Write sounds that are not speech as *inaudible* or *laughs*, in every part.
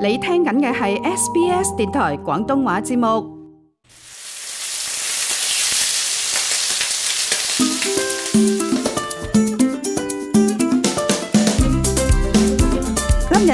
你聽緊嘅係 SBS 電台廣東話節目。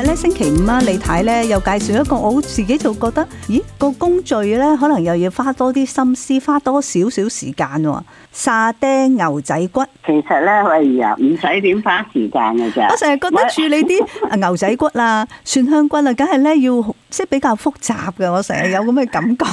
咧星期五啊，李太咧又介紹一個，我自己就覺得，咦，這個工序咧可能又要花多啲心思，花多少少時間喎、啊。沙爹牛仔骨，其實咧，哎呀，唔使點花時間嘅啫。我成日覺得處理啲牛仔骨啦、啊、 *laughs* 蒜香骨啦、啊，梗係咧要即係比較複雜嘅。我成日有咁嘅感覺。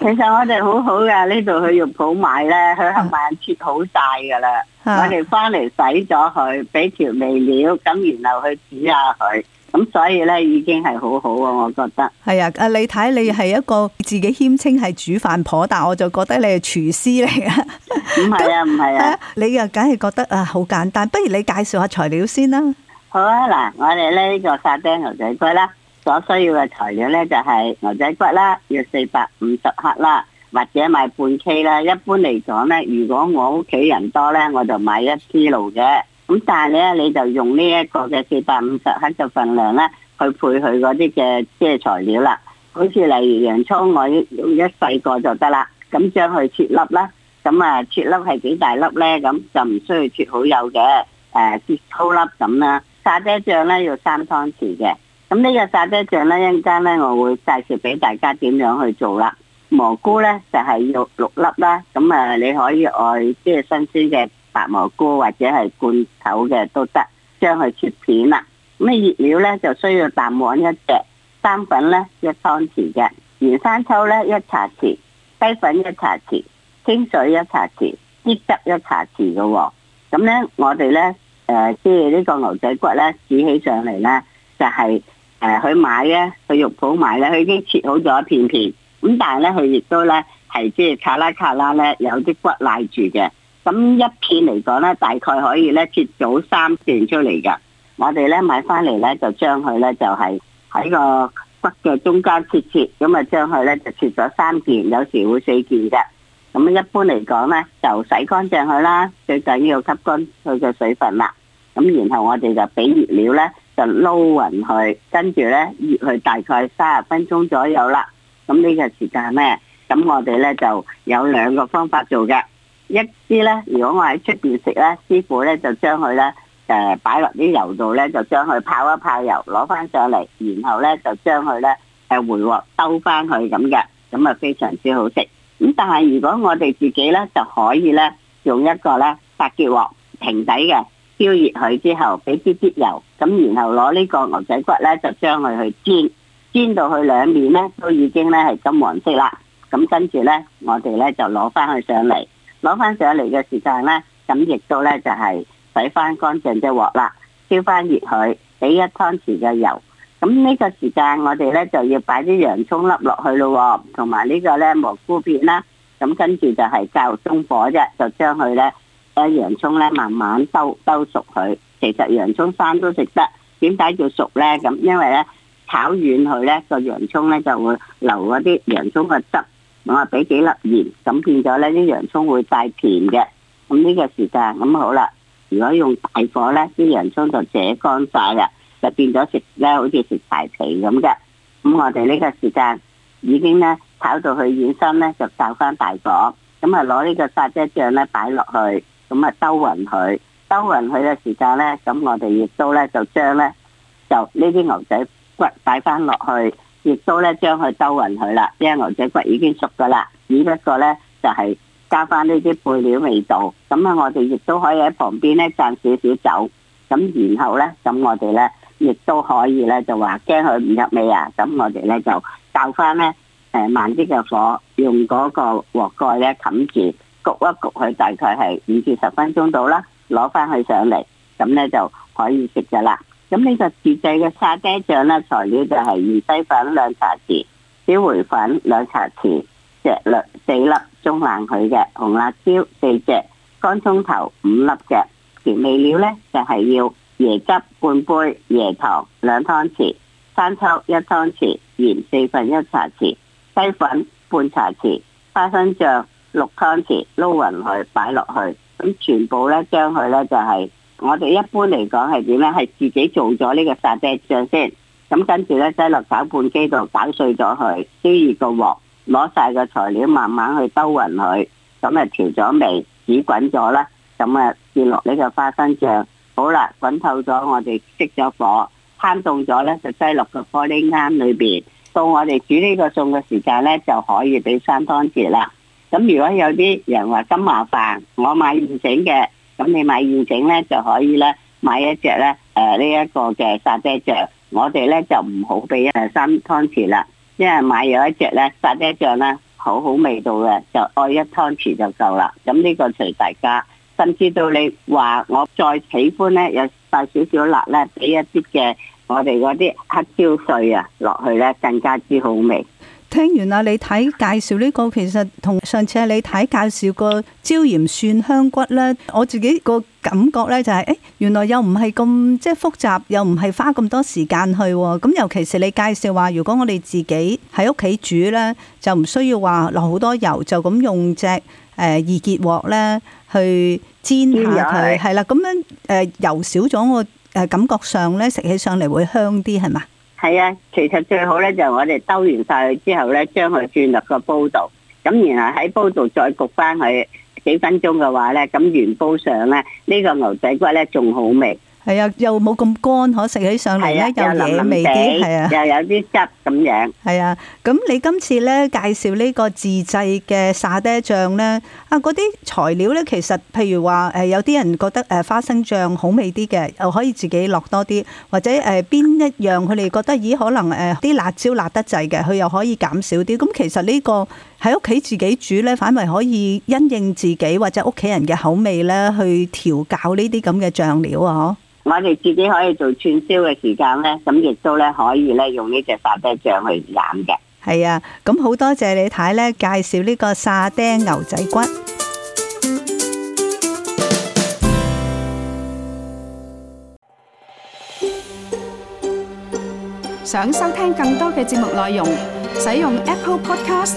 其實我哋好好嘅，呢度去肉鋪買咧，佢係買切好晒嘅啦。啊、我哋翻嚟洗咗佢，俾調味料，咁然後去煮下佢。 *laughs* 咁所以咧，已經係好好、啊、喎，我覺得。係啊，阿你睇，你係一個自己謙稱係煮飯婆，但我就覺得你係廚師嚟嘅。唔 *laughs* 係啊，唔係 *laughs* 那啊，啊，你又梗係覺得啊，好簡單。不如你介紹下材料先啦。好啊，嗱，我哋咧呢個沙丁牛仔骨啦，所需要嘅材料咧就係、是、牛仔骨啦，要四百五十克啦，或者買半 K 啦。一般嚟講咧，如果我屋企人多咧，我就買一支路嘅。咁但係咧，你就用呢一個嘅四百五十克嘅份量咧，去配佢嗰啲嘅即係材料啦。好似例如洋蔥，我用一細個就得啦。咁將佢切粒啦。咁啊，切粒係幾大粒咧？咁就唔需要切好幼嘅。誒、呃，切粗粒咁啦。沙爹醬咧要三湯匙嘅。咁呢個沙爹醬咧一陣間咧我會介紹俾大家點樣去做啦。蘑菇咧就係要六粒啦。咁啊，你可以外即係新鮮嘅。白蘑菇或者係罐頭嘅都得，將佢切片啦。咁啊，熱料咧就需要淡黃一隻，生粉咧一湯匙嘅，原生抽咧一茶匙，雞粉一茶匙，清水一茶匙，啲汁，汁一茶匙嘅，哦。咁咧，我哋咧誒，即係呢個牛仔骨咧煮起上嚟，咧就係誒去買咧去肉鋪買咧，佢已經切好咗一片片。咁但係咧，佢亦都咧係即係卡拉卡拉咧，有啲骨賴住嘅。咁一片嚟講咧，大概可以咧切到三片出嚟噶。我哋咧買翻嚟咧，就將佢咧就係、是、喺個骨嘅中間切切，咁啊將佢咧就切咗三件，有時會四件嘅。咁一般嚟講咧，就洗乾淨佢啦，最緊要吸乾佢嘅水分啦。咁然後我哋就俾熱料咧，就撈勻佢，跟住咧熱佢大概三十分鐘左右啦。咁呢個時間咧，咁我哋咧就有兩個方法做嘅。一支咧，如果我喺出邊食咧，師傅咧就將佢咧誒擺落啲油度咧，就將佢泡一泡油，攞翻上嚟，然後咧就將佢咧誒回鑊兜翻去咁嘅，咁啊非常之好食。咁但係如果我哋自己咧就可以咧用一個咧白潔鑊平底嘅，燒熱佢之後，俾啲啲油，咁然後攞呢個牛仔骨咧就將佢去煎，煎到佢兩面咧都已經咧係金黃色啦，咁跟住咧我哋咧就攞翻佢上嚟。攞翻上嚟嘅時間呢，咁亦都呢就係洗翻乾淨隻鑊啦，燒翻熱佢，俾一湯匙嘅油。咁呢個時間我哋呢就要擺啲洋葱粒落去咯、哦，同埋呢個呢蘑菇片啦。咁跟住就係較中火啫，就將佢呢，啲洋葱呢慢慢兜兜熟佢。其實洋葱生都食得，點解叫熟呢？咁因為呢炒軟佢呢個洋葱呢就會留嗰啲洋葱嘅汁。我俾幾粒鹽，咁變咗咧啲洋葱會帶甜嘅。咁呢個時間咁好啦。如果用大火咧，啲洋葱就解乾晒嘅，就變咗食咧，好似食柴皮咁嘅。咁我哋呢個時間已經咧炒到佢軟身咧，就爆翻大火。咁啊，攞呢個沙爹醬咧擺落去，咁啊，兜勻佢，兜勻佢嘅時間咧，咁我哋亦都咧就將咧就呢啲牛仔骨擺翻落去。亦都咧將佢兜勻佢啦，因為牛仔骨已經熟噶啦，只不過咧就係加翻呢啲配料味道，咁啊我哋亦都可以喺旁邊咧蘸少少酒，咁然後咧咁我哋咧亦都可以咧就話驚佢唔入味啊，咁我哋咧就教翻咧誒慢啲嘅火，用嗰個鍋蓋咧冚住焗一焗佢，大概係五至十分鐘到啦，攞翻佢上嚟，咁咧就可以食㗎啦。咁呢個自製嘅沙爹醬呢，材料就係二雞粉兩茶匙，小茴粉兩茶匙，只四粒中硬佢嘅紅辣椒四隻，乾葱頭五粒嘅調味料呢就係、是、要椰汁半杯，椰糖兩湯匙，生抽一湯匙，鹽四分一茶匙，雞粉半茶匙，花生醬六湯匙，撈匀佢擺落去，咁全部呢，將佢呢就係、是。我哋一般嚟講係點呢？係自己做咗呢個沙爹醬先，咁跟住呢，擠落攪拌機度攪碎咗佢，燒熱個鑊，攞晒個材料慢慢去兜勻佢，咁啊調咗味，煮滾咗啦，咁啊跌落呢個花生醬，好啦，滾透咗我哋熄咗火，攤凍咗呢，就擠落個玻璃啱裏邊，到我哋煮呢個餸嘅時間呢，就可以俾三湯匙啦。咁如果有啲人話咁麻煩，我買現成嘅。咁你買現整咧就可以咧，買一隻咧誒呢一、呃這個嘅沙爹醬，我哋咧就唔好俾誒三湯匙啦，因為買咗一隻咧沙爹醬咧好好味道嘅，就愛一湯匙就夠啦。咁呢個隨大家，甚至到你話我再喜歡咧有帶少少辣咧，俾一啲嘅我哋嗰啲黑椒碎啊落去咧，更加之好味。聽完啊，李太介紹呢、這個其實同上次李太介紹個椒鹽蒜香骨呢，我自己個感覺呢就係、是，誒、欸、原來又唔係咁即係複雜，又唔係花咁多時間去喎。咁尤其是你介紹話，如果我哋自己喺屋企煮呢，就唔需要話落好多油，就咁用隻誒、呃、易結鑊呢去煎下佢，係啦的，咁樣誒油少咗，我誒感覺上呢，食起上嚟會香啲，係嘛？係啊，其實最好咧就係，我哋兜完晒佢之後咧，將佢轉入個煲度，咁然後喺煲度再焗翻佢幾分鐘嘅話咧，咁原煲上咧呢、呢個牛仔骨咧仲好味。係啊，又冇咁乾可食起上嚟，咧，又腍味啲，係啊呀，又有啲汁咁樣。係啊，咁你今次咧介紹呢個自製嘅沙爹醬，咧，啊嗰啲材料咧，其實譬如話誒，有啲人覺得誒花生醬好味啲嘅，又可以自己落多啲，或者誒邊一樣佢哋覺得咦，可能誒啲辣椒辣得滯嘅，佢又可以減少啲。咁其實呢個。喺屋企自己煮咧，反而可以因應自己或者屋企人嘅口味咧，去調教呢啲咁嘅醬料啊！嗬，我哋自己可以做串燒嘅時間咧，咁亦都咧可以咧用呢隻沙爹醬去染嘅。係啊，咁好多謝你睇咧介紹呢個沙爹牛仔骨。想收聽更多嘅節目內容，使用 Apple Podcast、